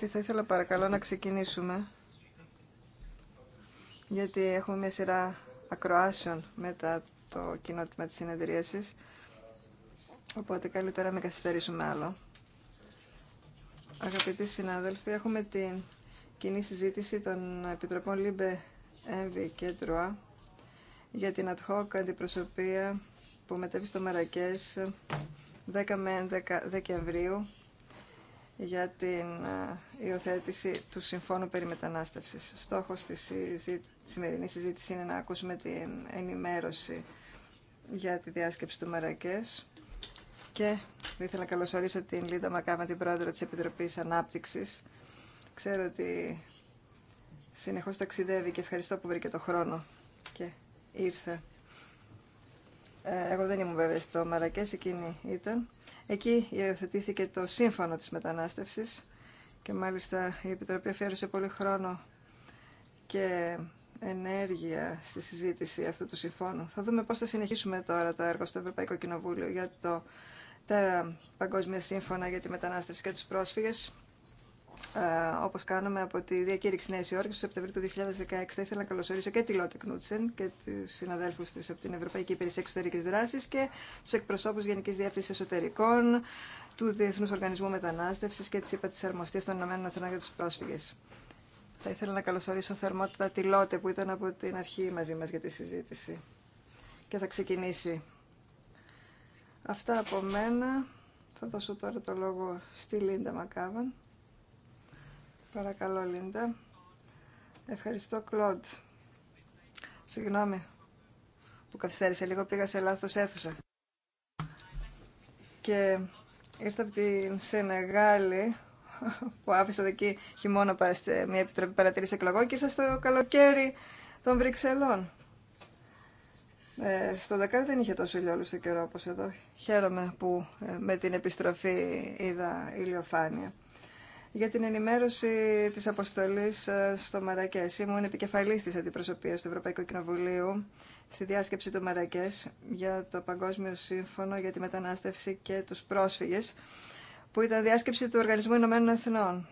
Και θα ήθελα παρακαλώ να ξεκινήσουμε, γιατί έχουμε μια σειρά ακροάσεων μετά το κοινότημα της συνεδρίασης, οπότε καλύτερα μην καθυστερήσουμε άλλο. Αγαπητοί συνάδελφοι, έχουμε την κοινή συζήτηση των Επιτροπών ΛΥΜΠΕ, ΕΜΒΙ και ΤΡΟΑ για την ad hoc αντιπροσωπεία που μετέβει στο Μαρακές 10 με 11 Δεκεμβρίου για την ε, υιοθέτηση του Συμφώνου περί μετανάστευσης. Στόχος της σημερινής συζήτηση είναι να ακούσουμε την ενημέρωση για τη διάσκεψη του Μαρακές και ήθελα να καλωσορίσω την Λίντα Μακάμα, την πρόεδρο της Επιτροπής Ανάπτυξης. Ξέρω ότι συνεχώς ταξιδεύει και ευχαριστώ που βρήκε το χρόνο και ήρθε. Ε, εγώ δεν ήμουν βέβαια στο Μαρακές, εκείνη ήταν. Εκεί υιοθετήθηκε το σύμφωνο της μετανάστευσης και μάλιστα η Επιτροπή αφιέρωσε πολύ χρόνο και ενέργεια στη συζήτηση αυτού του συμφώνου. Θα δούμε πώς θα συνεχίσουμε τώρα το έργο στο Ευρωπαϊκό Κοινοβούλιο για το, τα παγκόσμια σύμφωνα για τη μετανάστευση και τους πρόσφυγες ε, όπως κάνουμε από τη διακήρυξη Νέας Υόρκης του Σεπτεμβρίου του 2016. Θα ήθελα να καλωσορίσω και τη Λότε Κνούτσεν και του συναδέλφου τη από την Ευρωπαϊκή Υπηρεσία Εξωτερική Δράση και του εκπροσώπους Γενική Διεύθυνση Εσωτερικών, του Διεθνού Οργανισμού Μετανάστευση και τη ΥΠΑ τη Αρμοστία των Ηνωμένων Εθνών για του πρόσφυγε. Θα ήθελα να καλωσορίσω θερμότητα τη Λότε που ήταν από την αρχή μαζί μα για τη συζήτηση. Και θα ξεκινήσει. Αυτά από μένα. Θα δώσω τώρα το λόγο στη Λίντα Μακάβαν. Παρακαλώ, Λίντα. Ευχαριστώ, Κλοντ. Συγγνώμη που καθυστέρησα λίγο, πήγα σε λάθος αίθουσα. Και ήρθα από την Σενεγάλη, που άφησα εκεί χειμώνα παραστε, μια επιτροπή παρατηρήση εκλογών και ήρθα στο καλοκαίρι των Βρυξελών. Ε, στο Δακάρ δεν είχε τόσο ήλιο στο καιρό όπως εδώ. Χαίρομαι που ε, με την επιστροφή είδα ηλιοφάνεια για την ενημέρωση τη αποστολή ε, στο Μαρακέ. Ήμουν επικεφαλής τη αντιπροσωπείας του Ευρωπαϊκού Κοινοβουλίου στη διάσκεψη του Μαρακέ για το Παγκόσμιο Σύμφωνο για τη Μετανάστευση και τους Πρόσφυγες, που ήταν διάσκεψη του Οργανισμού Ηνωμένων Εθνών.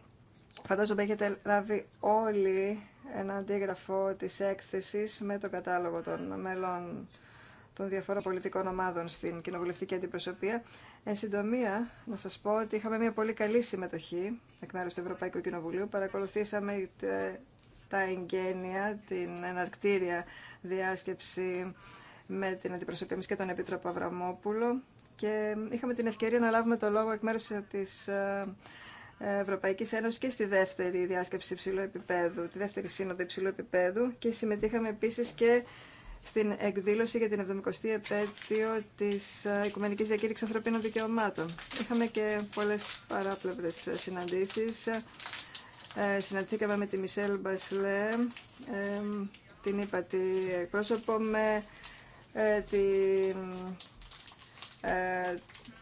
Φαντάζομαι έχετε λάβει όλοι ένα αντίγραφο της έκθεσης με τον κατάλογο των μελών των διαφόρων πολιτικών ομάδων στην κοινοβουλευτική αντιπροσωπεία. Εν συντομία, να σα πω ότι είχαμε μια πολύ καλή συμμετοχή εκ μέρου του Ευρωπαϊκού Κοινοβουλίου. Παρακολουθήσαμε ε, τα εγγένεια, την εναρκτήρια διάσκεψη με την αντιπροσωπεία μας και τον Επίτροπο Αβραμόπουλο και είχαμε την ευκαιρία να λάβουμε το λόγο εκ μέρου τη ε, Ευρωπαϊκή Ένωση και στη δεύτερη διάσκεψη υψηλού επίπεδου, τη δεύτερη σύνοδο υψηλού επίπεδου και συμμετείχαμε επίσης και στην εκδήλωση για την 70η επέτειο της ε, Οικουμενική Διακήρυξη Ανθρωπίνων Δικαιωμάτων. Είχαμε και πολλές παράπλευρες ε, συναντήσεις. Ε, συναντηθήκαμε με τη Μισελ Μπασλέ, την τη πρόσωπο, με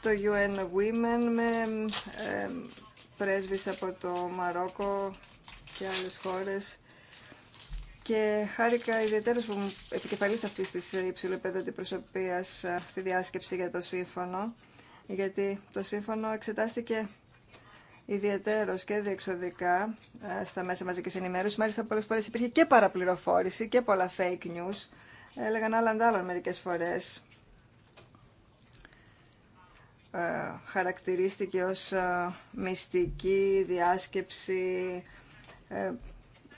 το UN Women, με ε, πρέσβεις από το Μαρόκο και άλλες χώρες και χάρηκα ιδιαίτερα που μου επικεφαλής αυτής της υψηλοπέδου προσωπίας ε, στη διάσκεψη για το σύμφωνο, γιατί το σύμφωνο εξετάστηκε ιδιαίτερο και διεξοδικά ε, στα μέσα μαζικής ενημέρωση. Μάλιστα πολλέ φορές υπήρχε και παραπληροφόρηση και πολλά fake news. Έλεγαν άλλα αντάλλων μερικές φορές. Ε, χαρακτηρίστηκε ως μυστική διάσκεψη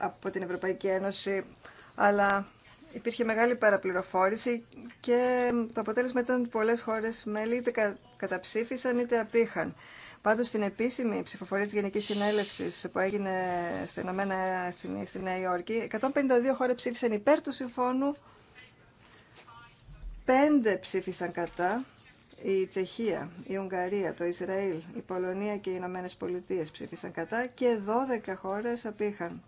από την Ευρωπαϊκή Ένωση, αλλά υπήρχε μεγάλη παραπληροφόρηση και το αποτέλεσμα ήταν ότι πολλές χώρες μέλη είτε καταψήφισαν είτε απήχαν. Πάντως στην επίσημη ψηφοφορία της Γενικής Συνέλευσης που έγινε στην Ηνωμένα Έθνη στη Νέα Υόρκη, 152 χώρες ψήφισαν υπέρ του συμφώνου, 5 ψήφισαν κατά, η Τσεχία, η Ουγγαρία, το Ισραήλ, η Πολωνία και οι Ηνωμένε Πολιτείε ψήφισαν κατά και 12 χώρες απήχαν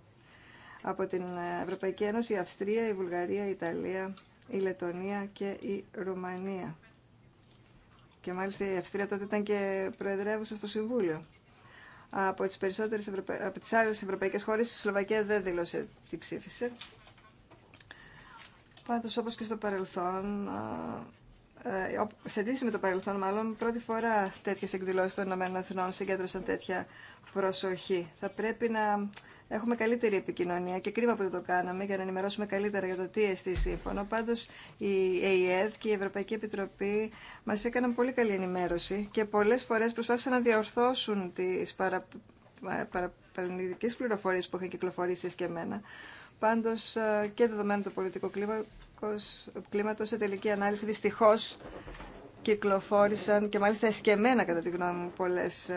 από την Ευρωπαϊκή Ένωση η Αυστρία, η Βουλγαρία, η Ιταλία, η Λετωνία και η Ρουμανία. Και μάλιστα η Αυστρία τότε ήταν και προεδρεύουσα στο Συμβούλιο. Από τις, περισσότερες από τις άλλες ευρωπαϊκές χώρες η Σλοβακία δεν δήλωσε τι ψήφισε. Πάντως όπως και στο παρελθόν, ε, ε, σε αντίθεση με το παρελθόν μάλλον, πρώτη φορά τέτοιες εκδηλώσεις των ΗΠΑ συγκέντρωσαν τέτοια προσοχή. Θα πρέπει να έχουμε καλύτερη επικοινωνία και κρίμα που δεν το κάναμε για να ενημερώσουμε καλύτερα για το τι εστί σύμφωνο. Πάντω η ΕΕ και η Ευρωπαϊκή Επιτροπή μα έκαναν πολύ καλή ενημέρωση και πολλέ φορέ προσπάθησαν να διορθώσουν τι παρα... παραπλανητικέ πληροφορίε που είχαν κυκλοφορήσει και εμένα. Πάντω ε, και δεδομένου του πολιτικού κλίματο, σε τελική ανάλυση δυστυχώ κυκλοφόρησαν και μάλιστα εσκεμμένα κατά τη γνώμη μου πολλές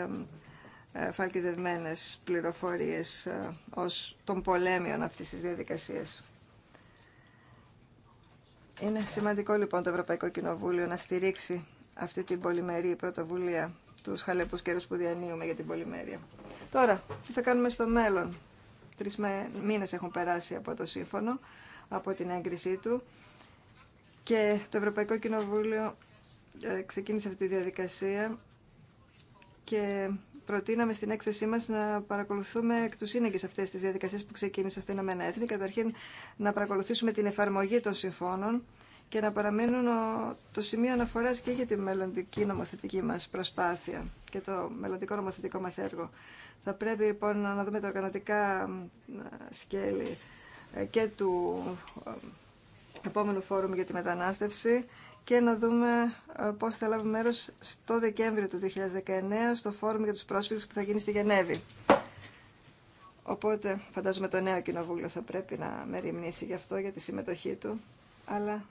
ε, φαλκιδευμένες πληροφορίες ε, ως των πολέμιων αυτής της διαδικασίας. Είναι σημαντικό λοιπόν το Ευρωπαϊκό Κοινοβούλιο να στηρίξει αυτή την πολυμερή πρωτοβουλία του χαλεπού καιρού που διανύουμε για την πολυμέρεια. Τώρα, τι θα κάνουμε στο μέλλον. Τρει μήνε έχουν περάσει από το σύμφωνο, από την έγκρισή του και το Ευρωπαϊκό Κοινοβούλιο ε, ξεκίνησε αυτή τη διαδικασία και προτείναμε στην έκθεσή μα να παρακολουθούμε εκ του σύνεγγυ αυτέ τι διαδικασίε που ξεκίνησαν στην Αμένα Έθνη. Καταρχήν να παρακολουθήσουμε την εφαρμογή των συμφώνων και να παραμείνουν το σημείο αναφορά και για τη μελλοντική νομοθετική μα προσπάθεια και το μελλοντικό νομοθετικό μα έργο. Θα πρέπει λοιπόν να δούμε τα οργανωτικά σκέλη ε, και του ε, επόμενου φόρουμ για τη μετανάστευση και να δούμε ε, πώς θα λάβουμε μέρος στο Δεκέμβριο του 2019 στο Φόρουμ για τους Πρόσφυγες που θα γίνει στη Γενέβη. Οπότε φαντάζομαι το νέο κοινοβούλιο θα πρέπει να μεριμνήσει γι' αυτό, για τη συμμετοχή του. Αλλά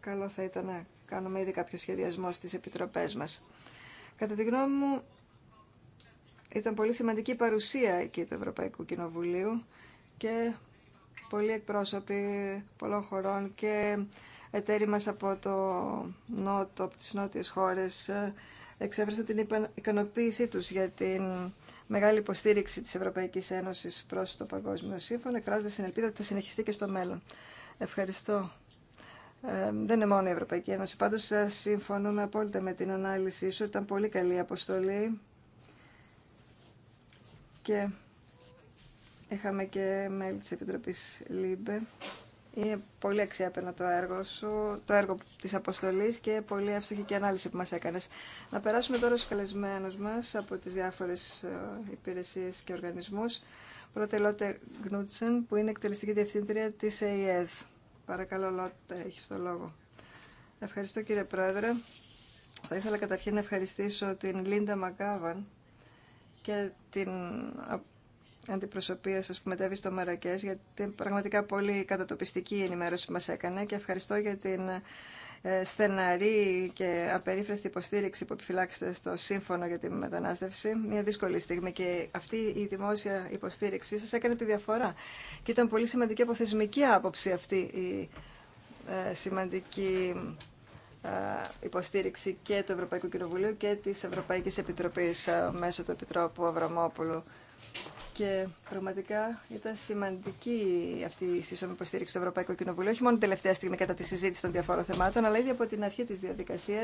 καλό θα ήταν να κάνουμε ήδη κάποιο σχεδιασμό στις επιτροπές μας. Κατά τη γνώμη μου ήταν πολύ σημαντική παρουσία εκεί του Ευρωπαϊκού Κοινοβουλίου και πολλοί εκπρόσωποι πολλών χωρών και εταίροι μας από το νότο, από τις νότιες χώρες, ε, εξέφρασαν την ικανοποίησή τους για την μεγάλη υποστήριξη της Ευρωπαϊκής Ένωσης προς το Παγκόσμιο Σύμφωνο, εκφράζοντας την ελπίδα ότι θα συνεχιστεί και στο μέλλον. Ευχαριστώ. Ε, δεν είναι μόνο η Ευρωπαϊκή Ένωση. Πάντως ε, συμφωνούμε απόλυτα με την ανάλυση σου. Ήταν πολύ καλή αποστολή και είχαμε και μέλη της Επιτροπής ΛΥΜΠΕ είναι πολύ αξιέπαινο το έργο σου, το έργο της αποστολής και πολύ εύστοχη και ανάλυση που μας έκανες. Να περάσουμε τώρα στους καλεσμένου μας από τις διάφορες ε, υπηρεσίες και οργανισμούς. Πρώτα Λότε Γνούτσεν που είναι εκτελεστική διευθύντρια της ΑΕΔ. Παρακαλώ Λότε, έχεις το λόγο. Ευχαριστώ κύριε Πρόεδρε. Θα ήθελα καταρχήν να ευχαριστήσω την Λίντα Μακάβαν και την αντιπροσωπεία σα που μετέβη στο Μαρακέ, γιατί την πραγματικά πολύ κατατοπιστική ενημέρωση που μας έκανε και ευχαριστώ για την ε, στεναρή και απερίφραστη υποστήριξη που επιφυλάξετε στο Σύμφωνο για τη Μετανάστευση. Μια δύσκολη στιγμή και αυτή η δημόσια υποστήριξη σας έκανε τη διαφορά. Και ήταν πολύ σημαντική από θεσμική άποψη αυτή η ε, σημαντική ε, υποστήριξη και του Ευρωπαϊκού Κοινοβουλίου και της Ευρωπαϊκής Επιτροπής μέσω του Επιτρόπου Αβραμόπουλου και πραγματικά ήταν σημαντική αυτή η σύσσωμη υποστήριξη του Ευρωπαϊκού Κοινοβουλίου, όχι μόνο τελευταία στιγμή κατά τη συζήτηση των διαφόρων θεμάτων, αλλά ήδη από την αρχή τη διαδικασία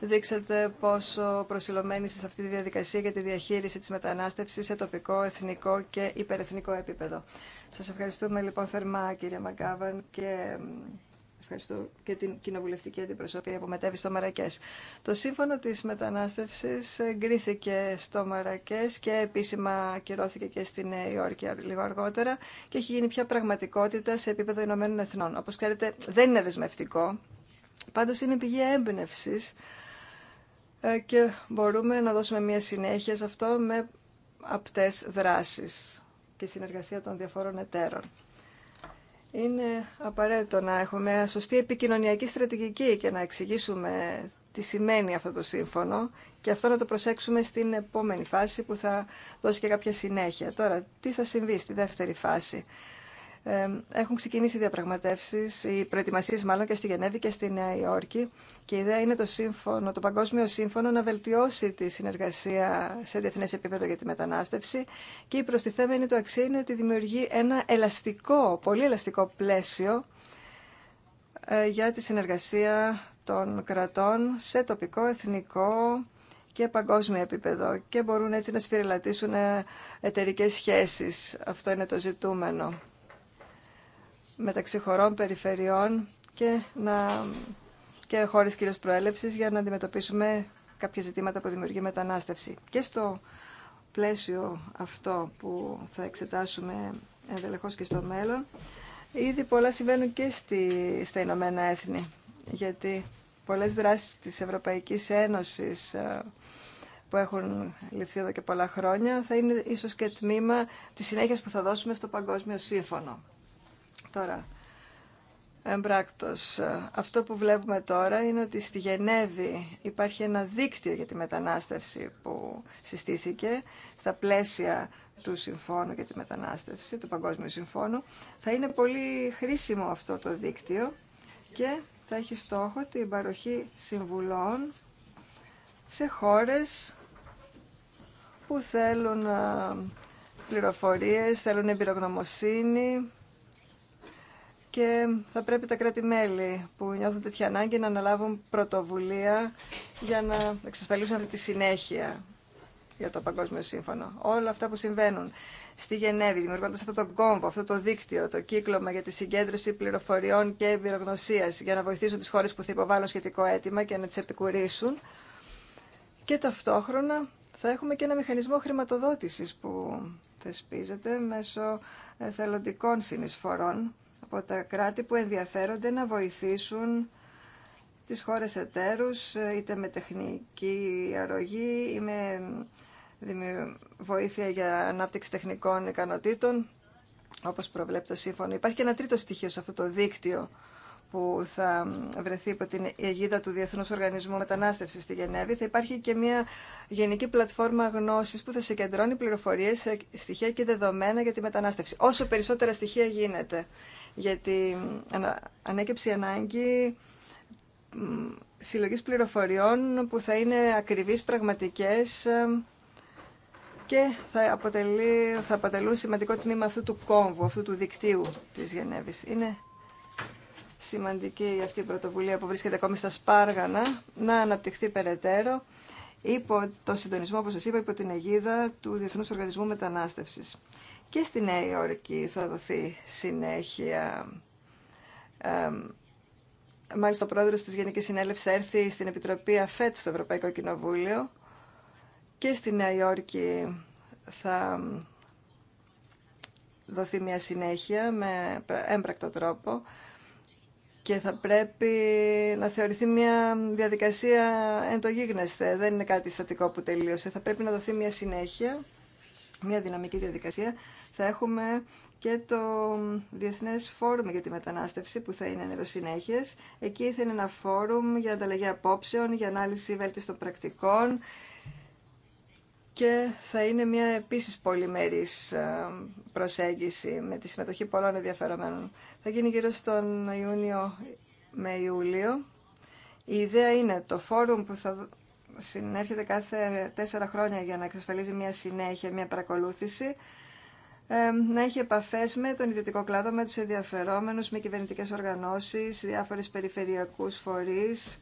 δείξατε πόσο προσιλωμένοι είστε σε αυτή τη διαδικασία για τη διαχείριση τη μετανάστευση σε τοπικό, εθνικό και υπερεθνικό επίπεδο. Σα ευχαριστούμε λοιπόν θερμά, κύριε Μαγκάβαν, και Ευχαριστώ και την κοινοβουλευτική αντιπροσωπή που μετέβη στο Μαρακέ. Το σύμφωνο τη μετανάστευση εγκρίθηκε στο Μαρακέ και επίσημα ακυρώθηκε και στη Νέα Υόρκη λίγο αργότερα και έχει γίνει πια πραγματικότητα σε επίπεδο Ηνωμένων Εθνών. Όπω ξέρετε, δεν είναι δεσμευτικό. Πάντω είναι πηγή έμπνευση ε, και μπορούμε να δώσουμε μια συνέχεια σε αυτό με απτές δράσεις και συνεργασία των διαφόρων εταίρων. Είναι απαραίτητο να έχουμε σωστή επικοινωνιακή στρατηγική και να εξηγήσουμε τι σημαίνει αυτό το σύμφωνο και αυτό να το προσέξουμε στην επόμενη φάση που θα δώσει και κάποια συνέχεια. Τώρα, τι θα συμβεί στη δεύτερη φάση έχουν ξεκινήσει οι διαπραγματεύσεις, οι προετοιμασίε μάλλον και στη Γενέβη και στη Νέα Υόρκη και η ιδέα είναι το, σύμφωνο, το Παγκόσμιο Σύμφωνο να βελτιώσει τη συνεργασία σε διεθνές επίπεδο για τη μετανάστευση και η προστιθέμενη του αξία είναι ότι δημιουργεί ένα ελαστικό, πολύ ελαστικό πλαίσιο ε, για τη συνεργασία των κρατών σε τοπικό, εθνικό και παγκόσμιο επίπεδο και μπορούν έτσι να σφυριλατήσουν ε, εταιρικέ σχέσεις. Αυτό είναι το ζητούμενο μεταξύ χωρών, περιφερειών και, να, και χώρες κυρίως προέλευσης για να αντιμετωπίσουμε κάποια ζητήματα που δημιουργεί μετανάστευση. Και στο πλαίσιο αυτό που θα εξετάσουμε ενδελεχώς και στο μέλλον, ήδη πολλά συμβαίνουν και στη, στα Ηνωμένα Έθνη, γιατί πολλές δράσεις της Ευρωπαϊκής Ένωσης ε, που έχουν ληφθεί εδώ και πολλά χρόνια θα είναι ίσως και τμήμα της συνέχειας που θα δώσουμε στο Παγκόσμιο Σύμφωνο. Τώρα, εμπράκτος, ε, αυτό που βλέπουμε τώρα είναι ότι στη Γενέβη υπάρχει ένα δίκτυο για τη μετανάστευση που συστήθηκε στα πλαίσια του Συμφώνου για τη Μετανάστευση, του Παγκόσμιου Συμφώνου. Θα είναι πολύ χρήσιμο αυτό το δίκτυο και θα έχει στόχο την παροχή συμβουλών σε χώρες που θέλουν ε, πληροφορίες, θέλουν εμπειρογνωμοσύνη και θα πρέπει τα κράτη-μέλη που νιώθουν τέτοια ανάγκη να αναλάβουν πρωτοβουλία για να εξασφαλίσουν αυτή τη συνέχεια για το Παγκόσμιο Σύμφωνο. Όλα αυτά που συμβαίνουν στη Γενέβη, δημιουργώντα αυτό το κόμβο, αυτό το δίκτυο, το κύκλωμα για τη συγκέντρωση πληροφοριών και εμπειρογνωσία για να βοηθήσουν τι χώρε που θα υποβάλουν σχετικό αίτημα και να τι επικουρήσουν. Και ταυτόχρονα θα έχουμε και ένα μηχανισμό χρηματοδότηση που θεσπίζεται μέσω εθελοντικών συνεισφορών από τα κράτη που ενδιαφέρονται να βοηθήσουν τις χώρες εταίρους, είτε με τεχνική αρρωγή ή με βοήθεια για ανάπτυξη τεχνικών ικανοτήτων, όπως προβλέπει το σύμφωνο. Υπάρχει και ένα τρίτο στοιχείο σε αυτό το δίκτυο που θα βρεθεί υπό την αιγίδα του Διεθνούς Οργανισμού Μετανάστευσης στη Γενέβη, θα υπάρχει και μια γενική πλατφόρμα γνώσης που θα συγκεντρώνει πληροφορίες, ε, στοιχεία και δεδομένα για τη μετανάστευση. Όσο περισσότερα στοιχεία γίνεται, γιατί ε, ανέκεψη ανάγκη συλλογή πληροφοριών που θα είναι ακριβείς, πραγματικές ε, και θα, αποτελεί, θα αποτελούν σημαντικό τμήμα αυτού του κόμβου, αυτού του δικτύου της Γενέβης. Είναι σημαντική αυτή η πρωτοβουλία που βρίσκεται ακόμη στα Σπάργανα να αναπτυχθεί περαιτέρω υπό το συντονισμό, όπως σας είπα, υπό την αιγίδα του Διεθνούς Οργανισμού Μετανάστευσης. Και στη Νέα Υόρκη θα δοθεί συνέχεια. μάλιστα, ο πρόεδρος της Γενικής Συνέλευσης θα έρθει στην Επιτροπή ΑΦΕΤ στο Ευρωπαϊκό Κοινοβούλιο και στη Νέα Υόρκη θα δοθεί μια συνέχεια με έμπρακτο τρόπο και θα πρέπει να θεωρηθεί μια διαδικασία εν το γίγνεσθε. Δεν είναι κάτι στατικό που τελείωσε. Θα πρέπει να δοθεί μια συνέχεια, μια δυναμική διαδικασία. Θα έχουμε και το Διεθνές Φόρουμ για τη Μετανάστευση που θα είναι εδώ συνέχειες. Εκεί θα είναι ένα φόρουμ για ανταλλαγή απόψεων, για ανάλυση βέλτιστων πρακτικών, και θα είναι μια επίσης πολυμερής ε, προσέγγιση με τη συμμετοχή πολλών ενδιαφερομένων. Θα γίνει γύρω στον Ιούνιο με Ιούλιο. Η ιδέα είναι το φόρουμ που θα συνέρχεται κάθε τέσσερα χρόνια για να εξασφαλίζει μια συνέχεια, μια παρακολούθηση, ε, να έχει επαφές με τον ιδιωτικό κλάδο, με τους ενδιαφερόμενους, με κυβερνητικές οργανώσεις, διάφορες περιφερειακούς φορείς,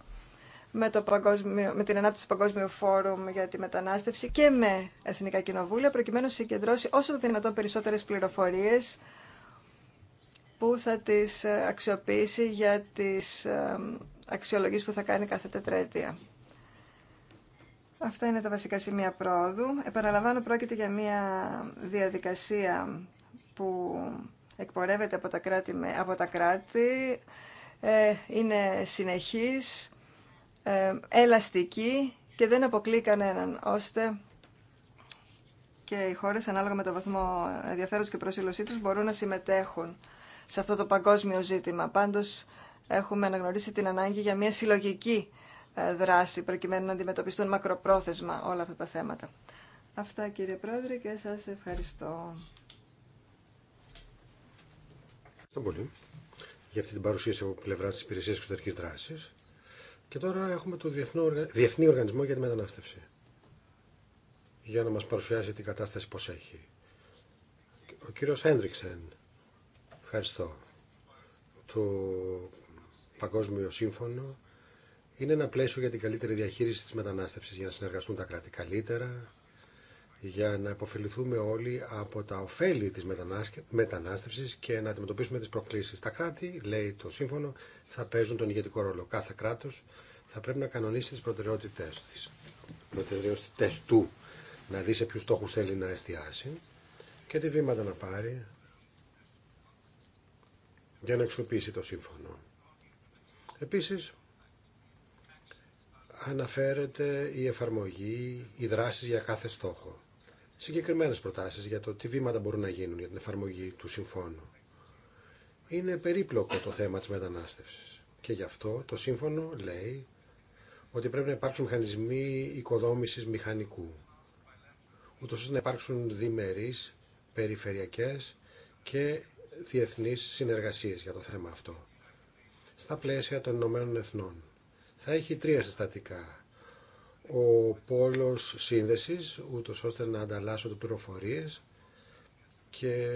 με, το παγκόσμιο, με την ανάπτυξη του Παγκόσμιου Φόρουμ για τη μετανάστευση και με Εθνικά Κοινοβούλια, προκειμένου να συγκεντρώσει όσο το δυνατόν περισσότερες πληροφορίες που θα τις ε, αξιοποιήσει για τις ε, αξιολογήσεις που θα κάνει κάθε τετραετία. Αυτά είναι τα βασικά σημεία πρόοδου. Επαναλαμβάνω, πρόκειται για μια διαδικασία που εκπορεύεται από τα κράτη, από τα κράτη. Ε, είναι συνεχής, ε, ελαστική και δεν αποκλεί κανέναν, ώστε και οι χώρες ανάλογα με το βαθμό ενδιαφέροντος και προσήλωσή τους μπορούν να συμμετέχουν σε αυτό το παγκόσμιο ζήτημα. Πάντως έχουμε αναγνωρίσει την ανάγκη για μια συλλογική ε, δράση προκειμένου να αντιμετωπιστούν μακροπρόθεσμα όλα αυτά τα θέματα. Αυτά κύριε Πρόεδρε και σας ευχαριστώ. Ευχαριστώ πολύ για αυτή την παρουσίαση από πλευρά τη Υπηρεσία Εξωτερική Δράση. Και τώρα έχουμε το Διεθνή Οργανισμό για τη Μετανάστευση για να μας παρουσιάσει την κατάσταση πως έχει. Ο κύριος Χέντριξεν, ευχαριστώ. Το Παγκόσμιο Σύμφωνο είναι ένα πλαίσιο για την καλύτερη διαχείριση της μετανάστευσης για να συνεργαστούν τα κράτη καλύτερα, για να υποφεληθούμε όλοι από τα ωφέλη της μετανάστευσης και να αντιμετωπίσουμε τις προκλήσεις. Τα κράτη, λέει το σύμφωνο, θα παίζουν τον ηγετικό ρόλο. Κάθε κράτος θα πρέπει να κανονίσει τις προτεραιότητές, της, προτεραιότητές του, να δει σε ποιους στόχους θέλει να εστιάσει και τι βήματα να πάρει για να εξοπλίσει το σύμφωνο. Επίσης, αναφέρεται η εφαρμογή, οι δράσεις για κάθε στόχο. Συγκεκριμένε προτάσεις για το τι βήματα μπορούν να γίνουν για την εφαρμογή του συμφώνου. Είναι περίπλοκο το θέμα τη μετανάστευση. και γι' αυτό το σύμφωνο λέει ότι πρέπει να υπάρξουν μηχανισμοί οικοδόμησης μηχανικού, ούτω ώστε να υπάρξουν διμερεί, περιφερειακές και διεθνεί συνεργασίες για το θέμα αυτό. Στα πλαίσια των Ηνωμένων Εθνών θα έχει τρία συστατικά ο πόλος σύνδεσης, ούτως ώστε να ανταλλάσσονται πληροφορίες και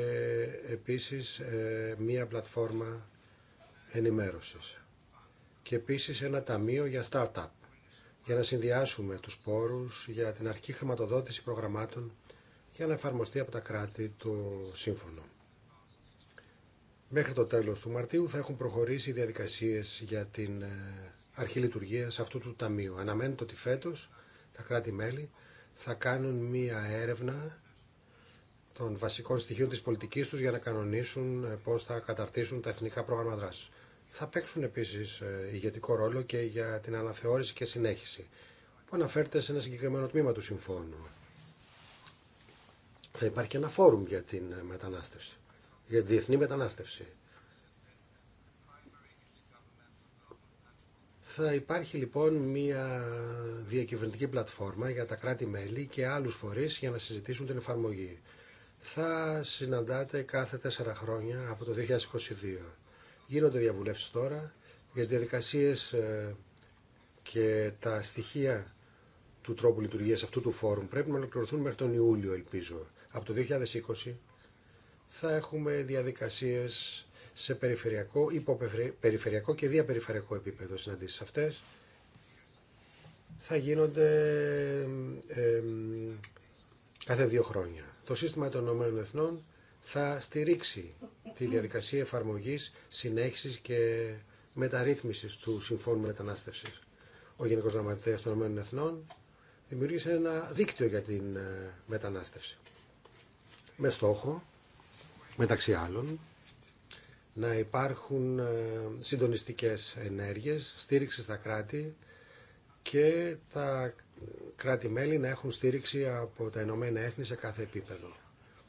επίσης ε, μία πλατφόρμα ενημέρωσης. Και επίσης ένα ταμείο για startup, για να συνδυάσουμε τους πόρους για την αρχική χρηματοδότηση προγραμμάτων για να εφαρμοστεί από τα κράτη το σύμφωνο. Μέχρι το τέλος του Μαρτίου θα έχουν προχωρήσει οι διαδικασίες για την ε, αρχή σε αυτού του ταμείου. Αναμένεται ότι φέτο, τα κράτη-μέλη θα κάνουν μία έρευνα των βασικών στοιχείων της πολιτικής τους για να κανονίσουν ε, πώς θα καταρτήσουν τα εθνικά πρόγραμμα δράσης. Θα παίξουν επίσης ε, ηγετικό ρόλο και για την αναθεώρηση και συνέχιση που αναφέρεται σε ένα συγκεκριμένο τμήμα του συμφώνου. Θα υπάρχει και ένα φόρουμ για την ε, μετανάστευση, για τη διεθνή μετανάστευση. Θα υπάρχει λοιπόν μια διακυβερνητική πλατφόρμα για τα κράτη-μέλη και άλλους φορείς για να συζητήσουν την εφαρμογή. Θα συναντάτε κάθε τέσσερα χρόνια από το 2022. Γίνονται διαβουλεύσεις τώρα για τις διαδικασίες ε, και τα στοιχεία του τρόπου λειτουργίας αυτού του φόρουμ πρέπει να ολοκληρωθούν μέχρι τον Ιούλιο ελπίζω. Από το 2020 θα έχουμε διαδικασίες σε περιφερειακό, υποπεριφερειακό και διαπεριφερειακό επίπεδο. Συναντήσεις αυτές θα γίνονται κάθε δύο χρόνια. Το σύστημα των ΗΕ Εθνών θα στηρίξει τη διαδικασία εφαρμογής, συνέχισης και μεταρρύθμισης του Συμφώνου Μετανάστευσης. Ο Γενικός Γραμματέας των ΗΕ Εθνών δημιούργησε ένα δίκτυο για την ε, μετανάστευση. Με στόχο, μεταξύ άλλων, να υπάρχουν ε, συντονιστικές ενέργειες, στήριξη στα κράτη και τα κράτη-μέλη να έχουν στήριξη από τα Ηνωμένα Έθνη σε κάθε επίπεδο,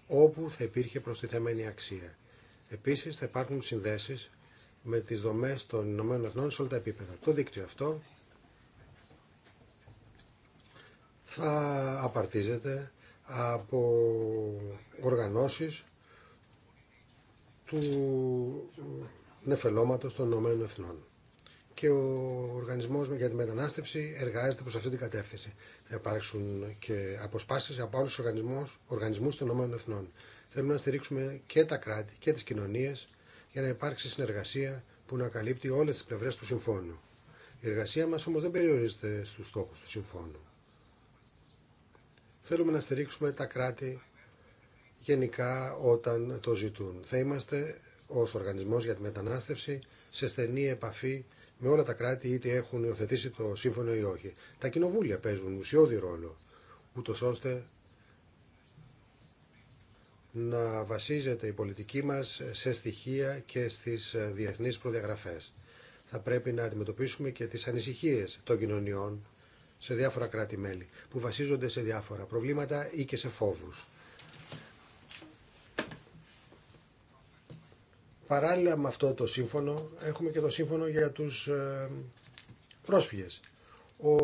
όπου θα υπήρχε προστιθέμενη αξία. Επίσης θα υπάρχουν συνδέσεις με τις δομές των Ηνωμένων Εθνών σε όλα τα επίπεδα. Το δίκτυο αυτό θα απαρτίζεται από οργανώσεις του νεφελώματος των Ηνωμένων Εθνών. Και ο οργανισμός για τη μετανάστευση εργάζεται προ αυτή την κατεύθυνση. Θα υπάρξουν και αποσπάσει από όλου του οργανισμούς των Ηνωμένων Εθνών. Θέλουμε να στηρίξουμε και τα κράτη και τις κοινωνίες για να υπάρξει συνεργασία που να καλύπτει όλες τις πλευρές του συμφώνου. Η εργασία μας όμως δεν περιορίζεται στους στόχου του συμφώνου. Θέλουμε να στηρίξουμε τα κράτη γενικά όταν το ζητούν. Θα είμαστε ως οργανισμός για τη μετανάστευση σε στενή επαφή με όλα τα κράτη είτε έχουν υιοθετήσει το σύμφωνο ή όχι. Τα κοινοβούλια παίζουν ουσιώδη ρόλο, ούτως ώστε να βασίζεται η πολιτική μας σε στοιχεία και στις διεθνείς προδιαγραφές. Θα πρέπει να αντιμετωπίσουμε και τις ανησυχίες των κοινωνιών σε διάφορα κράτη-μέλη, που βασίζονται σε διάφορα προβλήματα ή και σε φόβους. Παράλληλα με αυτό το σύμφωνο έχουμε και το σύμφωνο για τους ε, πρόσφυγες. Ο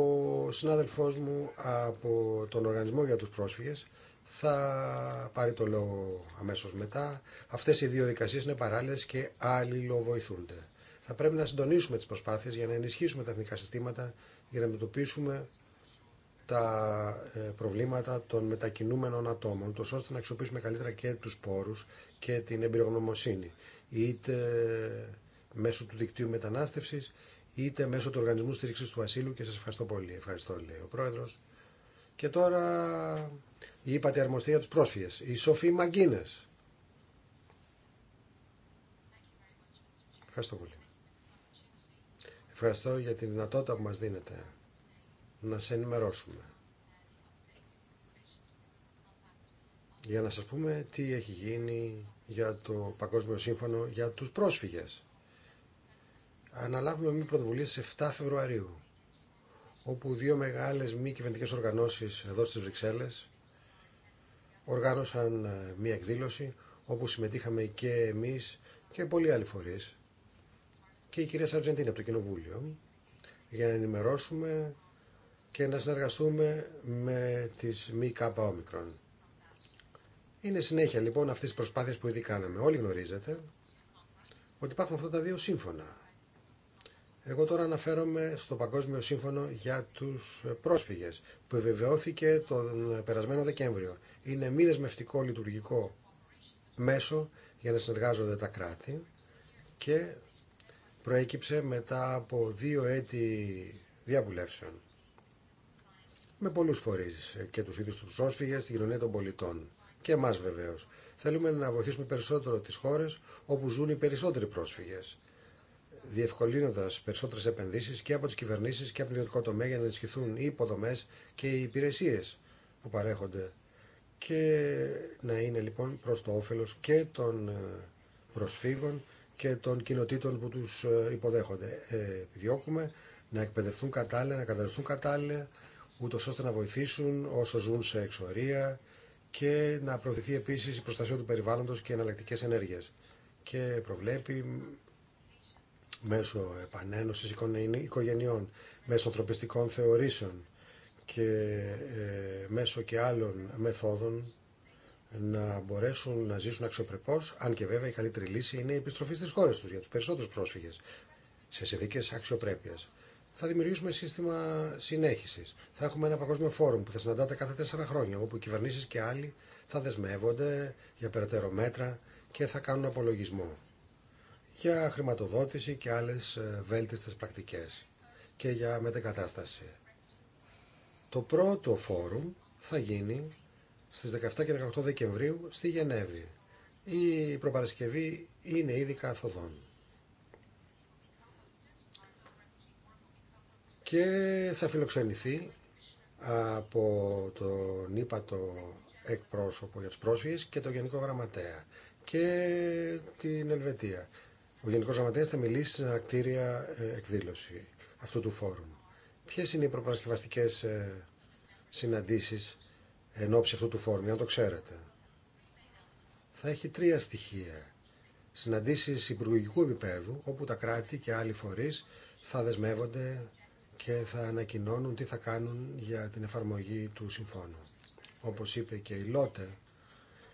συνάδελφός μου από τον Οργανισμό για τους Πρόσφυγες θα πάρει το λόγο αμέσως μετά. Αυτές οι δύο δικασίες είναι παράλληλες και αλληλοβοηθούνται. Θα πρέπει να συντονίσουμε τις προσπάθειες για να ενισχύσουμε τα εθνικά συστήματα, για να αντιμετωπίσουμε τα ε, προβλήματα των μετακινούμενων ατόμων, τόσο ώστε να αξιοποιήσουμε καλύτερα και τους πόρους και την εμπειρογνωμοσύνη είτε μέσω του δικτύου μετανάστευσης, είτε μέσω του Οργανισμού Στήριξης του Ασύλου και σας ευχαριστώ πολύ. Ευχαριστώ, λέει ο Πρόεδρος. Και τώρα η είπατε αρμοστία για τους πρόσφυγες, η Σοφή Μαγκίνε. Ευχαριστώ πολύ. Ευχαριστώ για τη δυνατότητα που μας δίνετε να σε ενημερώσουμε. Για να σας πούμε τι έχει γίνει για το Παγκόσμιο Σύμφωνο για τους πρόσφυγες. Αναλάβουμε μια πρωτοβουλία στις 7 Φεβρουαρίου, όπου δύο μεγάλες μη κυβερνητικέ οργανώσεις εδώ στις Βρυξέλλες οργάνωσαν ε, μια εκδήλωση όπου συμμετείχαμε και εμείς και πολλοί άλλοι φορείς και η κυρία Σαρτζεντίνη από το Κοινοβούλιο για να ενημερώσουμε και να συνεργαστούμε με τις μη κάπα είναι συνέχεια λοιπόν αυτή τη προσπάθεια που ήδη κάναμε. Όλοι γνωρίζετε ότι υπάρχουν αυτά τα δύο σύμφωνα. Εγώ τώρα αναφέρομαι στο Παγκόσμιο Σύμφωνο για τους πρόσφυγες που επιβεβαιώθηκε τον περασμένο Δεκέμβριο. Είναι μη δεσμευτικό λειτουργικό μέσο για να συνεργάζονται τα κράτη και προέκυψε μετά από δύο έτη διαβουλεύσεων με πολλούς φορείς και τους ίδιους τους πρόσφυγες, στην κοινωνία των πολιτών και εμά βεβαίω. Θέλουμε να βοηθήσουμε περισσότερο τι χώρε όπου ζουν οι περισσότεροι πρόσφυγε, διευκολύνοντα περισσότερε επενδύσει και από τι κυβερνήσει και από τον ιδιωτικό τομέα για να ενισχυθούν οι υποδομέ και οι υπηρεσίε που παρέχονται και να είναι λοιπόν προ το όφελο και των ε, προσφύγων και των κοινοτήτων που του ε, υποδέχονται. Ε, επιδιώκουμε να εκπαιδευτούν κατάλληλα, να καταδεχθούν κατάλληλα, ούτω ώστε να βοηθήσουν όσο ζουν σε εξορία και να προωθηθεί επίσης η προστασία του περιβάλλοντος και εναλλακτικέ ενέργειες. Και προβλέπει μέσω επανένωσης οικογενειών, μέσω ανθρωπιστικών θεωρήσεων και ε, μέσω και άλλων μεθόδων να μπορέσουν να ζήσουν αξιοπρεπώς, αν και βέβαια η καλύτερη λύση είναι η επιστροφή στις χώρες τους για τους περισσότερους πρόσφυγες, σε συνθήκες αξιοπρέπειας θα δημιουργήσουμε σύστημα συνέχιση. Θα έχουμε ένα παγκόσμιο φόρουμ που θα συναντάται κάθε τέσσερα χρόνια, όπου οι κυβερνήσει και άλλοι θα δεσμεύονται για περαιτέρω μέτρα και θα κάνουν απολογισμό για χρηματοδότηση και άλλε ε, βέλτιστες πρακτικέ και για μετεκατάσταση. Το πρώτο φόρουμ θα γίνει στις 17 και 18 Δεκεμβρίου στη Γενέβη. Η προπαρασκευή είναι ήδη καθοδόν. και θα φιλοξενηθεί από τον ύπατο εκπρόσωπο για τους πρόσφυγες και τον Γενικό Γραμματέα και την Ελβετία. Ο Γενικός Γραμματέας θα μιλήσει στην ανακτήρια ε, εκδήλωση αυτού του φόρουμ. Ποιες είναι οι προπαρασκευαστικές ε, συναντήσεις εν ώψη αυτού του φόρουμ, αν το ξέρετε. Θα έχει τρία στοιχεία. Συναντήσεις υπουργικού επίπεδου, όπου τα κράτη και άλλοι φορείς θα δεσμεύονται και θα ανακοινώνουν τι θα κάνουν για την εφαρμογή του συμφώνου. Όπως είπε και η Λότε,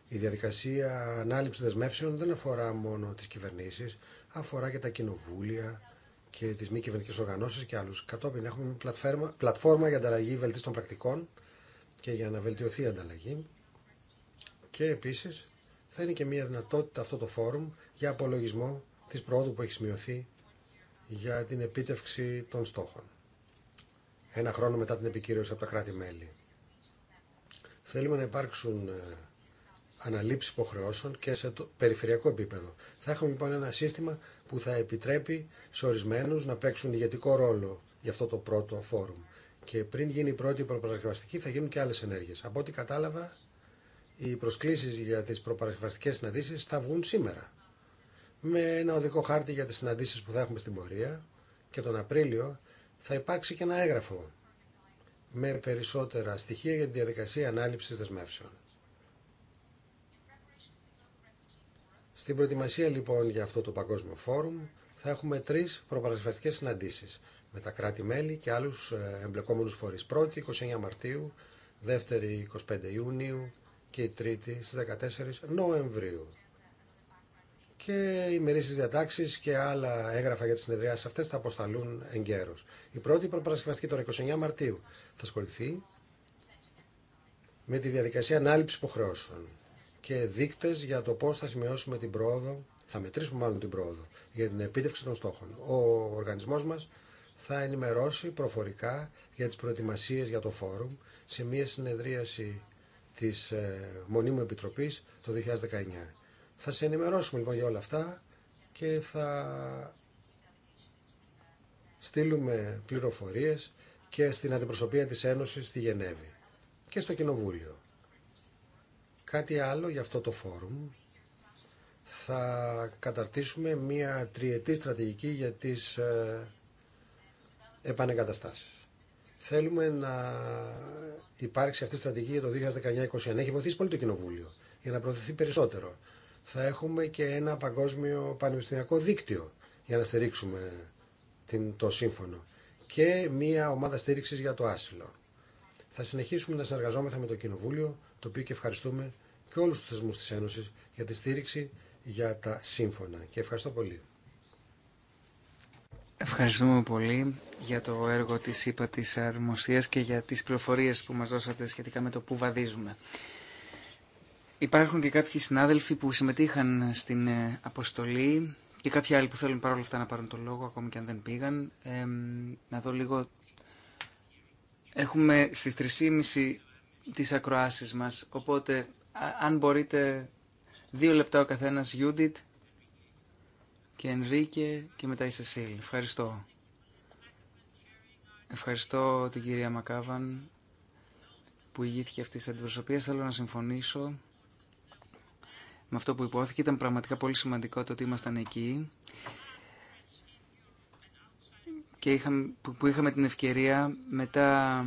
η διαδικασία ανάληψης δεσμεύσεων δεν αφορά μόνο τις κυβερνήσεις, αφορά και τα κοινοβούλια και τις μη κυβερνητικέ οργανώσεις και άλλους. Κατόπιν έχουμε μια πλατφόρμα, πλατφόρμα για ανταλλαγή βελτίστων πρακτικών και για να βελτιωθεί η ανταλλαγή. Και επίσης θα είναι και μια δυνατότητα αυτό το φόρουμ για απολογισμό της πρόοδου που έχει σημειωθεί για την επίτευξη των στόχων ένα χρόνο μετά την επικύρωση από τα κράτη-μέλη. Θέλουμε να υπάρξουν ε, αναλήψει υποχρεώσεων και σε το περιφερειακό επίπεδο. Θα έχουμε λοιπόν ένα σύστημα που θα επιτρέπει σε ορισμένου να παίξουν ηγετικό ρόλο για αυτό το πρώτο φόρουμ. Και πριν γίνει η πρώτη προπαρασκευαστική θα γίνουν και άλλε ενέργειε. Από ό,τι κατάλαβα, οι προσκλήσει για τι προπαρασκευαστικέ συναντήσει θα βγουν σήμερα. Με ένα οδικό χάρτη για τι συναντήσει που θα έχουμε στην πορεία και τον Απρίλιο θα υπάρξει και ένα έγγραφο με περισσότερα στοιχεία για τη διαδικασία ανάληψης δεσμεύσεων. Στην προετοιμασία λοιπόν για αυτό το Παγκόσμιο Φόρουμ θα έχουμε τρεις προπαρασκευαστικές συναντήσεις με τα κράτη-μέλη και άλλους ε, εμπλεκόμενους φορείς. Πρώτη 29 Μαρτίου, δεύτερη 25 Ιουνίου και η τρίτη στις 14 Νοεμβρίου και οι μερίσει διατάξει και άλλα έγγραφα για τι συνεδριάσει αυτέ θα αποσταλούν εγκαίρω. Η πρώτη προπαρασκευαστική τώρα, 29 Μαρτίου, θα ασχοληθεί με τη διαδικασία ανάληψη υποχρεώσεων και δείκτε για το πώ θα σημειώσουμε την πρόοδο, θα μετρήσουμε μάλλον την πρόοδο για την επίτευξη των στόχων. Ο οργανισμό μα θα ενημερώσει προφορικά για τι προετοιμασίε για το φόρουμ σε μια συνεδρίαση της ε, Μονίμου Επιτροπής το 2019. Θα σε ενημερώσουμε λοιπόν για όλα αυτά και θα στείλουμε πληροφορίες και στην αντιπροσωπεία της Ένωσης στη Γενέβη και στο Κοινοβούλιο. Κάτι άλλο για αυτό το φόρουμ. Θα καταρτήσουμε μία τριετή στρατηγική για τις ε, επανεγκαταστάσεις. Θέλουμε να υπάρξει αυτή η στρατηγική για το 2019-2021. Έχει βοηθήσει πολύ το Κοινοβούλιο για να προωθηθεί περισσότερο θα έχουμε και ένα παγκόσμιο πανεπιστημιακό δίκτυο για να στηρίξουμε το σύμφωνο και μία ομάδα στήριξης για το άσυλο. Θα συνεχίσουμε να συνεργαζόμεθα με το Κοινοβούλιο, το οποίο και ευχαριστούμε και όλους τους θεσμούς της Ένωσης για τη στήριξη για τα σύμφωνα. Και ευχαριστώ πολύ. Ευχαριστούμε πολύ για το έργο της ΥΠΑ της και για τις πληροφορίες που μας δώσατε σχετικά με το που βαδίζουμε. Υπάρχουν και κάποιοι συνάδελφοι που συμμετείχαν στην ε, αποστολή και κάποιοι άλλοι που θέλουν παρόλα αυτά να πάρουν το λόγο, ακόμη και αν δεν πήγαν. να δω λίγο. Έχουμε στις 3.30 τις ακροάσεις μας, οπότε αν μπορείτε δύο λεπτά ο καθένας, Γιούντιτ και Ενρίκε και μετά η Σεσίλ. Ευχαριστώ. Ευχαριστώ την κυρία Μακάβαν που ηγήθηκε αυτή τη αντιπροσωπεία. Θέλω να συμφωνήσω με αυτό που υπόθηκε. Ήταν πραγματικά πολύ σημαντικό το ότι ήμασταν εκεί και είχαμε, που είχαμε την ευκαιρία μετά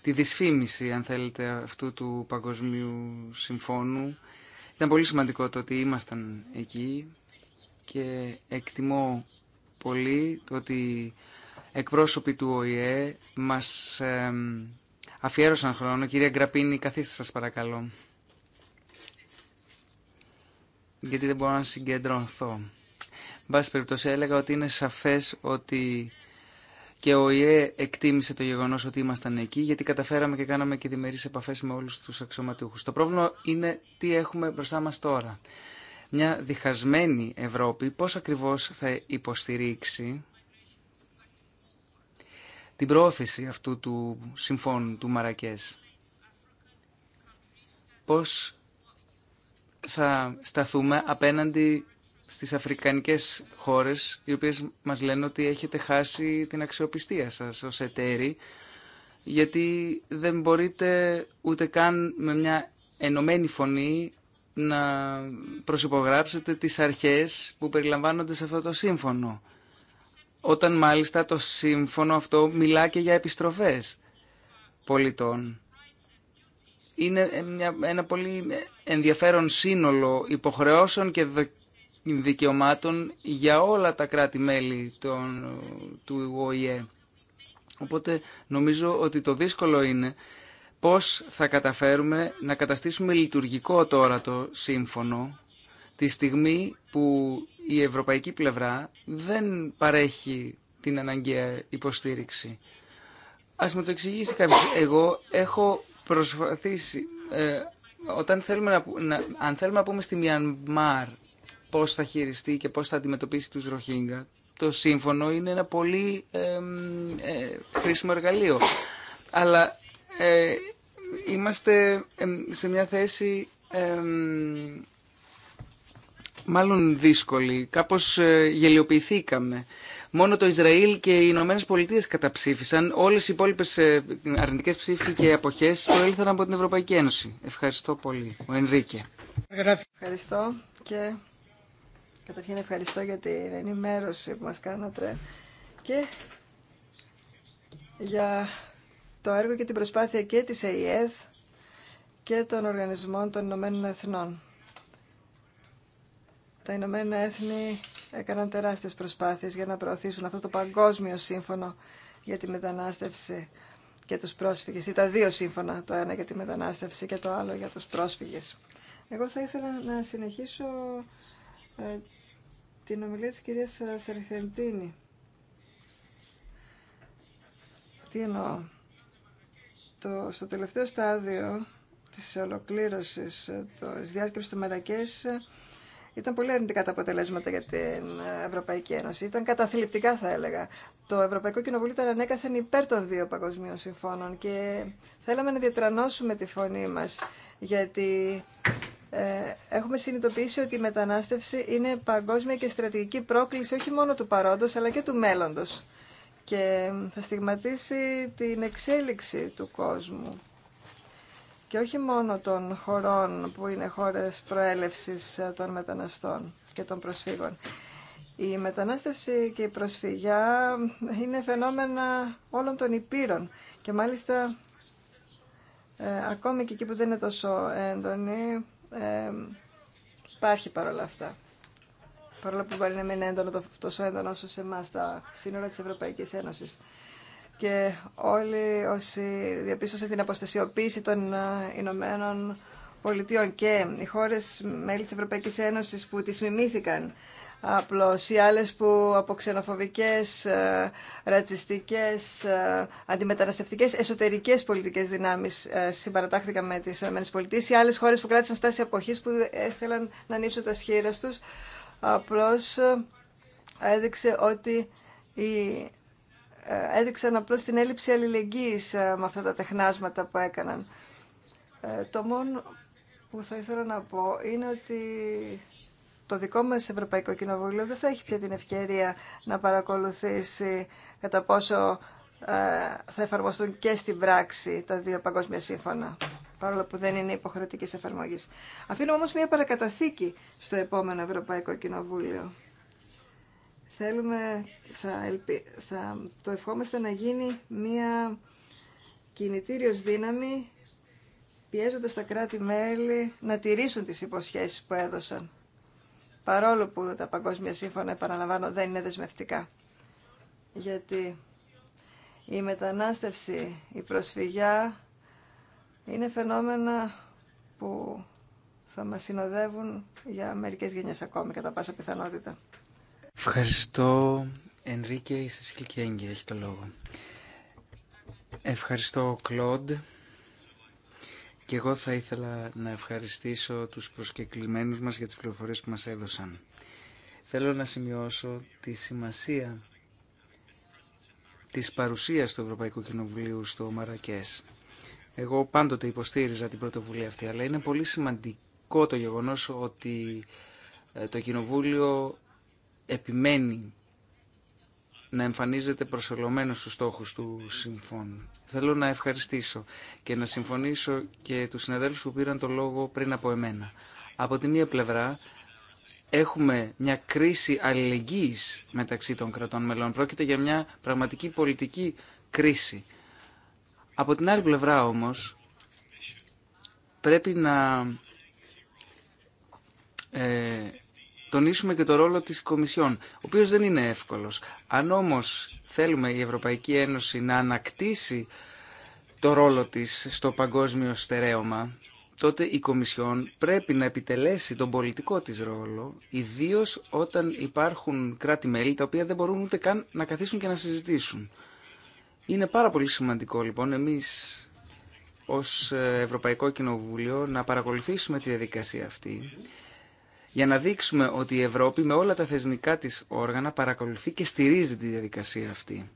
τη δυσφήμιση, αν θέλετε, αυτού του Παγκοσμίου Συμφώνου. Ήταν πολύ σημαντικό το ότι ήμασταν εκεί και εκτιμώ πολύ το ότι εκπρόσωποι του ΟΗΕ μας αφιέρωσαν χρόνο. Κυρία Γκραπίνη, καθίστε σας παρακαλώ γιατί δεν μπορώ να συγκεντρωθώ. Μπάς περιπτώσει έλεγα ότι είναι σαφές ότι και ο ΙΕ εκτίμησε το γεγονός ότι ήμασταν εκεί γιατί καταφέραμε και κάναμε και διμερείς επαφές με όλους τους αξιωματούχους. Το πρόβλημα είναι τι έχουμε μπροστά μας τώρα. Μια διχασμένη Ευρώπη πώς ακριβώς θα υποστηρίξει την πρόθεση αυτού του συμφώνου του Μαρακές. Πώς θα σταθούμε απέναντι στις αφρικανικές χώρες οι οποίες μας λένε ότι έχετε χάσει την αξιοπιστία σας ως εταίροι γιατί δεν μπορείτε ούτε καν με μια ενωμένη φωνή να προσυπογράψετε τις αρχές που περιλαμβάνονται σε αυτό το σύμφωνο. Όταν μάλιστα το σύμφωνο αυτό μιλά και για επιστροφές πολιτών είναι μια, ένα πολύ ενδιαφέρον σύνολο υποχρεώσεων και δικαιωμάτων για όλα τα κράτη-μέλη του ΟΗΕ. Οπότε νομίζω ότι το δύσκολο είναι πώς θα καταφέρουμε να καταστήσουμε λειτουργικό τώρα το σύμφωνο τη στιγμή που η ευρωπαϊκή πλευρά δεν παρέχει την αναγκαία υποστήριξη. Ας μου το εξηγήσει κάποιος. Εγώ έχω προσπαθήσει... Ε, όταν θέλουμε να, αν θέλουμε να πούμε στη Μιανμάρ πώς θα χειριστεί και πώς θα αντιμετωπίσει τους Ροχίνγκα, το σύμφωνο είναι ένα πολύ ε, χρήσιμο εργαλείο. Αλλά ε, είμαστε σε μια θέση μάλλον δύσκολη. Κάπως γελιοποιηθήκαμε. Μόνο το Ισραήλ και οι Ηνωμένε Πολιτείε καταψήφισαν. Όλε οι υπόλοιπε αρνητικέ ψήφοι και αποχέ προήλθαν από την Ευρωπαϊκή Ένωση. Ευχαριστώ πολύ. Ο Ενρίκε. Ευχαριστώ και καταρχήν ευχαριστώ για την ενημέρωση που μας κάνατε και για το έργο και την προσπάθεια και της ΑΕΔ και των οργανισμών των Ηνωμένων Εθνών. Τα Ηνωμένα Έθνη έκαναν τεράστιες προσπάθειες για να προωθήσουν αυτό το παγκόσμιο σύμφωνο για τη μετανάστευση και τους πρόσφυγες ή τα δύο σύμφωνα, το ένα για τη μετανάστευση και το άλλο για τους πρόσφυγες. Εγώ θα ήθελα να συνεχίσω ε, την ομιλία της κυρίας Σερχεντίνη. Τι εννοώ. Το, στο τελευταίο στάδιο της ολοκλήρωσης ε, της διάσκεψης του Μερακές ήταν πολύ αρνητικά τα αποτελέσματα για την Ευρωπαϊκή Ένωση. Ήταν καταθλιπτικά, θα έλεγα. Το Ευρωπαϊκό Κοινοβούλιο ήταν ανέκαθεν υπέρ των δύο παγκοσμίων συμφώνων και θέλαμε να διατρανώσουμε τη φωνή μας, γιατί ε, έχουμε συνειδητοποιήσει ότι η μετανάστευση είναι παγκόσμια και στρατηγική πρόκληση όχι μόνο του παρόντος αλλά και του μέλλοντος και θα στιγματίσει την εξέλιξη του κόσμου και όχι μόνο των χωρών που είναι χώρες προέλευσης ε, των μεταναστών και των προσφύγων. Η μετανάστευση και η προσφυγιά είναι φαινόμενα όλων των υπήρων και μάλιστα ε, ακόμη και εκεί που δεν είναι τόσο έντονη ε, υπάρχει παρόλα αυτά. Παρόλο που μπορεί να μην είναι έντονο, τόσο έντονο όσο σε εμά τα σύνορα της Ευρωπαϊκής Ένωσης και όλοι όσοι διαπίστωσαν την αποστασιοποίηση των ε, Ηνωμένων Πολιτειών και οι χώρες μέλη της Ευρωπαϊκής Ένωσης που τις μιμήθηκαν απλώς ή άλλες που από ξενοφοβικές, ε, ρατσιστικές, ε, αντιμεταναστευτικές, εσωτερικές πολιτικές δυνάμεις συμπαρατάχθηκαν με τις ΗΠΑ ή άλλες χώρες που κράτησαν στάση αποχής που θέλαν να ανοίξουν τα σχήρα τους. Απλώς έδειξε ότι οι αλλες χωρες που κρατησαν σταση αποχης που ήθελαν να ανοιξουν τα σχηρα τους απλως εδειξε οτι η ε, έδειξαν απλώς την έλλειψη αλληλεγγύης ε, με αυτά τα τεχνάσματα που έκαναν. Ε, το μόνο που θα ήθελα να πω είναι ότι το δικό μας Ευρωπαϊκό Κοινοβούλιο δεν θα έχει πια την ευκαιρία να παρακολουθήσει κατά πόσο θα εφαρμοστούν και στην πράξη τα δύο παγκόσμια σύμφωνα, παρόλο που δεν είναι υποχρεωτικής εφαρμογής. Αφήνω όμως μια παρακαταθήκη στο επόμενο Ευρωπαϊκό Κοινοβούλιο. Θέλουμε, θα, θα το ευχόμαστε να γίνει μια κινητήριος δύναμη πιέζοντας τα κράτη-μέλη να τηρήσουν τις υποσχέσεις που έδωσαν. Παρόλο που τα παγκόσμια σύμφωνα, επαναλαμβάνω, δεν είναι δεσμευτικά. Γιατί η μετανάστευση, η προσφυγιά είναι φαινόμενα που θα μας συνοδεύουν για μερικές γενιές ακόμη κατά πάσα πιθανότητα. Ευχαριστώ, Ενρίκε, η Σεσίλ και έχει το λόγο. Ευχαριστώ, Κλοντ. Και εγώ θα ήθελα να ευχαριστήσω τους προσκεκλημένους μας για τις πληροφορίες που μας έδωσαν. Θέλω να σημειώσω τη σημασία της παρουσίας του Ευρωπαϊκού Κοινοβουλίου στο Μαρακές. Εγώ πάντοτε υποστήριζα την πρωτοβουλία αυτή, αλλά είναι πολύ σημαντικό το γεγονός ότι ε, το Κοινοβούλιο επιμένει να εμφανίζεται προσωλωμένο στους στόχους του συμφώνου. Θέλω να ευχαριστήσω και να συμφωνήσω και τους συναδέλφους που πήραν το λόγο πριν από εμένα. Από τη μία πλευρά έχουμε μια κρίση αλληλεγγύης μεταξύ των κρατών μελών. Πρόκειται για μια πραγματική πολιτική κρίση. Από την άλλη πλευρά όμως πρέπει να ε, τονίσουμε και το ρόλο της Κομισιόν, ο οποίος δεν είναι εύκολος. Αν όμως θέλουμε η Ευρωπαϊκή Ένωση να ανακτήσει το ρόλο της στο παγκόσμιο στερέωμα, τότε η Κομισιόν πρέπει να επιτελέσει τον πολιτικό της ρόλο, ιδίως όταν υπάρχουν κράτη-μέλη τα οποία δεν μπορούν ούτε καν να καθίσουν και να συζητήσουν. Είναι πάρα πολύ σημαντικό λοιπόν εμείς ως Ευρωπαϊκό Κοινοβούλιο να παρακολουθήσουμε τη διαδικασία αυτή για να δείξουμε ότι η Ευρώπη με όλα τα θεσμικά της όργανα παρακολουθεί και στηρίζει τη διαδικασία αυτή.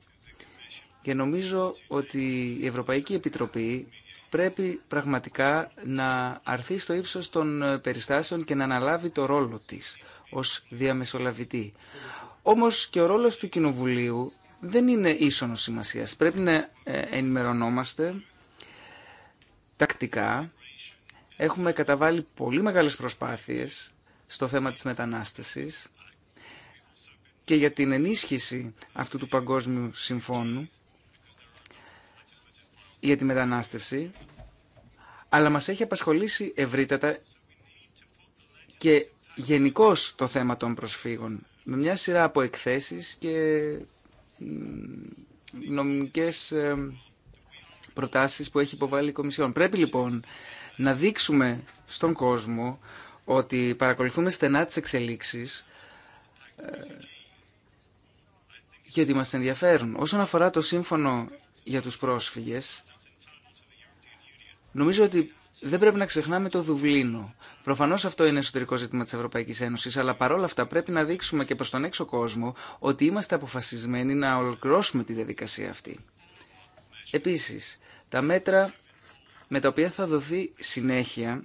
Και νομίζω ότι η Ευρωπαϊκή Επιτροπή πρέπει πραγματικά να αρθεί στο ύψος των περιστάσεων και να αναλάβει το ρόλο της ως διαμεσολαβητή. Όμως και ο ρόλος του Κοινοβουλίου δεν είναι ίσονο σημασίας. Πρέπει να ε, ενημερωνόμαστε τακτικά. Έχουμε καταβάλει πολύ μεγάλες προσπάθειες στο θέμα της μετανάστευσης και για την ενίσχυση αυτού του παγκόσμιου συμφώνου για τη μετανάστευση, αλλά μας έχει απασχολήσει ευρύτατα και γενικώ το θέμα των προσφύγων, με μια σειρά από εκθέσεις και νομικές ε, προτάσεις που έχει υποβάλει η Κομισιόν. Πρέπει λοιπόν να δείξουμε στον κόσμο ότι παρακολουθούμε στενά τις εξελίξεις ε, γιατί μας ενδιαφέρουν. Όσον αφορά το σύμφωνο για τους πρόσφυγες, νομίζω ότι δεν πρέπει να ξεχνάμε το Δουβλίνο. Προφανώ αυτό είναι εσωτερικό ζήτημα τη Ευρωπαϊκή Ένωση, αλλά παρόλα αυτά πρέπει να δείξουμε και προ τον έξω κόσμο ότι είμαστε αποφασισμένοι να ολοκληρώσουμε τη διαδικασία αυτή. Επίση, τα μέτρα με τα οποία θα δοθεί συνέχεια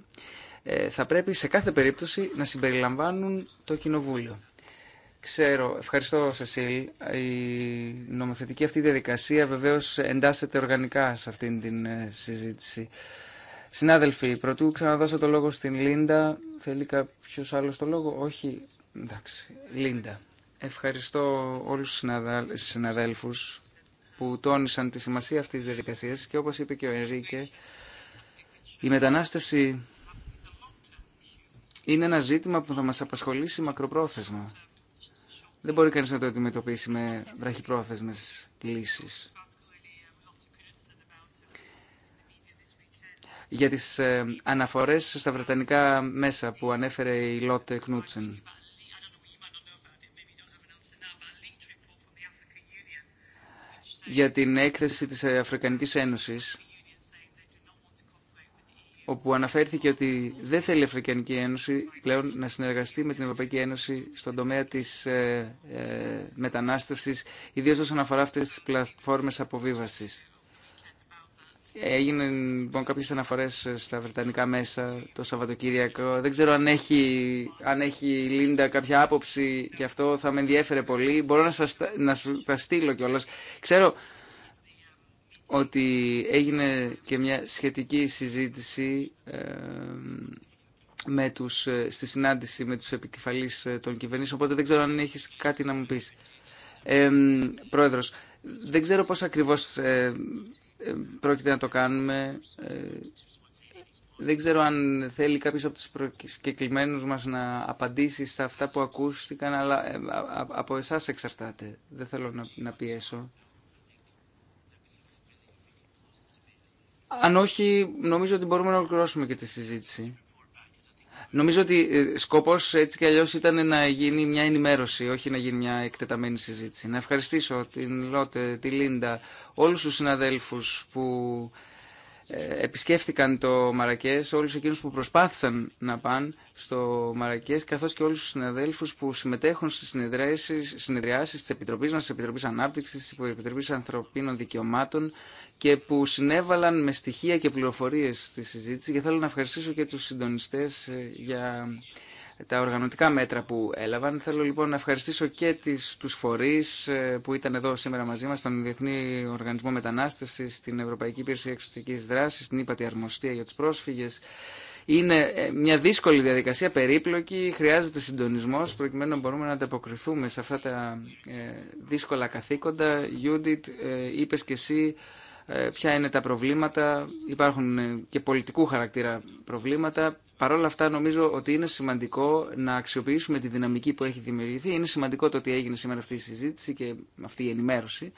ε, θα πρέπει σε κάθε περίπτωση να συμπεριλαμβάνουν το Κοινοβούλιο. Ξέρω, ευχαριστώ Σεσίλ. Η νομοθετική αυτή διαδικασία βεβαίως εντάσσεται οργανικά σε αυτήν την ε, συζήτηση. Συνάδελφοι, πρωτού ξαναδώσω το λόγο στην Λίντα. Θέλει κάποιο άλλο το λόγο. Όχι. Εντάξει. Λίντα. Ευχαριστώ όλους τους συναδέλφους που τόνισαν τη σημασία αυτής της διαδικασίας και όπως είπε και ο Ενρίκε, η μετανάστευση είναι ένα ζήτημα που θα μας απασχολήσει μακροπρόθεσμα. Δεν μπορεί κανείς να το αντιμετωπίσει με βραχυπρόθεσμες λύσεις. Για τις ε, αναφορές στα βρετανικά μέσα που ανέφερε η Λότε Κνούτσεν. Για την έκθεση της Αφρικανικής Ένωσης όπου αναφέρθηκε ότι δεν θέλει η Αφρικανική Ένωση πλέον να συνεργαστεί με την Ευρωπαϊκή Ένωση στον τομέα της ε, ε, μετανάστευσης, ιδίως όσον αφορά αυτές τις πλατφόρμες αποβίβασης. Έγιναν λοιπόν κάποιες αναφορές ε, στα Βρετανικά μέσα το Σαββατοκύριακο. Δεν ξέρω αν έχει, αν έχει η Λίντα κάποια άποψη γι' αυτό θα με ενδιέφερε πολύ. Μπορώ να σας, να σας τα στείλω κιόλας. Ξέρω ότι έγινε και μια σχετική συζήτηση ε, με τους, ε, στη συνάντηση με τους επικεφαλείς ε, των κυβερνήσεων, οπότε δεν ξέρω αν έχεις κάτι να μου πεις. Ε, πρόεδρος, δεν ξέρω πώς ακριβώς πρόκειται να το κάνουμε. δεν ξέρω αν θέλει κάποιος από τους προσκεκλημένους μας να απαντήσει στα αυτά που ακούστηκαν, αλλά από εσάς εξαρτάται. Δεν θέλω να, να πιέσω. Αν όχι, νομίζω ότι μπορούμε να ολοκληρώσουμε και τη συζήτηση. Νομίζω ότι ε, σκοπός έτσι κι αλλιώς ήταν να γίνει μια ενημέρωση, όχι να γίνει μια εκτεταμένη συζήτηση. Να ευχαριστήσω την Λότε, τη Λίντα, όλους τους συναδέλφους που ε, επισκέφτηκαν το Μαρακές, όλους εκείνους που προσπάθησαν να πάνε στο Μαρακές, καθώς και όλους τους συναδέλφους που συμμετέχουν στις συνεδριάσεις, συνεδριάσεις της Επιτροπής μας, της Επιτροπής Ανάπτυξης, της Επιτροπής Ανθρωπίνων Δικαιωμάτων και που συνέβαλαν με στοιχεία και πληροφορίες στη συζήτηση και θέλω να ευχαριστήσω και τους συντονιστές ε, για τα οργανωτικά μέτρα που έλαβαν. Θέλω λοιπόν να ευχαριστήσω και τις, τους φορείς ε, που ήταν εδώ σήμερα μαζί μας, τον Διεθνή Οργανισμό Μετανάστευσης, την Ευρωπαϊκή Υπηρεσία Εξωτερικής Δράσης, την ΥΠΑΤΗ Αρμοστία για τους πρόσφυγες. Είναι ε, μια δύσκολη διαδικασία, περίπλοκη, χρειάζεται συντονισμός προκειμένου να μπορούμε να ανταποκριθούμε σε αυτά τα δύσκολα καθήκοντα. Judith, είπες και εσύ ε, ποια είναι τα προβλήματα. Υπάρχουν ε, και πολιτικού χαρακτήρα προβλήματα. Παρ' όλα αυτά νομίζω ότι είναι σημαντικό να αξιοποιήσουμε τη δυναμική που έχει δημιουργηθεί. Είναι σημαντικό το ότι έγινε σήμερα αυτή η συζήτηση και αυτή η ενημέρωση.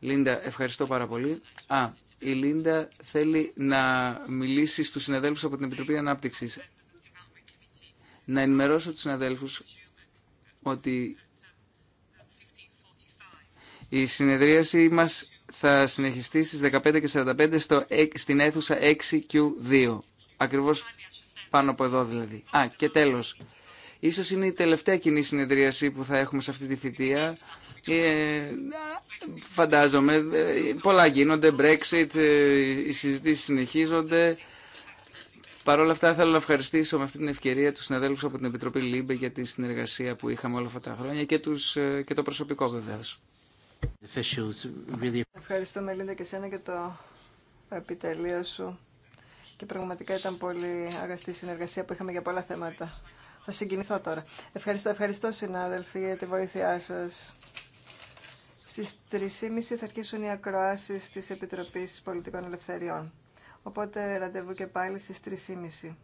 Λίντα, ευχαριστώ πάρα πολύ. Α, η Λίντα θέλει να μιλήσει στους συναδέλφους από την Επιτροπή Ανάπτυξης. Να ενημερώσω τους συναδέλφους ότι η συνεδρίαση μας θα συνεχιστεί στις 15 και 45 στο, στην αίθουσα 6Q2. Ακριβώς πάνω από εδώ δηλαδή. Α, και τέλος. Ίσως είναι η τελευταία κοινή συνεδρίαση που θα έχουμε σε αυτή τη θητεία. Ε, φαντάζομαι, ε, πολλά γίνονται, Brexit, ε, οι συζητήσεις συνεχίζονται. Παρ' όλα αυτά θέλω να ευχαριστήσω με αυτή την ευκαιρία τους συναδέλφους από την Επιτροπή ΛΥΜΠΕ για τη συνεργασία που είχαμε όλα αυτά τα χρόνια και, τους, ε, και το προσωπικό βεβαίως. Ευχαριστούμε Λίντα και σένα και το επιτελείο σου και πραγματικά ήταν πολύ αγαστή συνεργασία που είχαμε για πολλά θέματα. Θα συγκινηθώ τώρα. Ευχαριστώ, ευχαριστώ συνάδελφοι για τη βοήθειά σας. Στις 3.30 θα αρχίσουν οι ακροάσεις της Επιτροπής Πολιτικών Ελευθεριών. Οπότε ραντεβού και πάλι στις 3.30.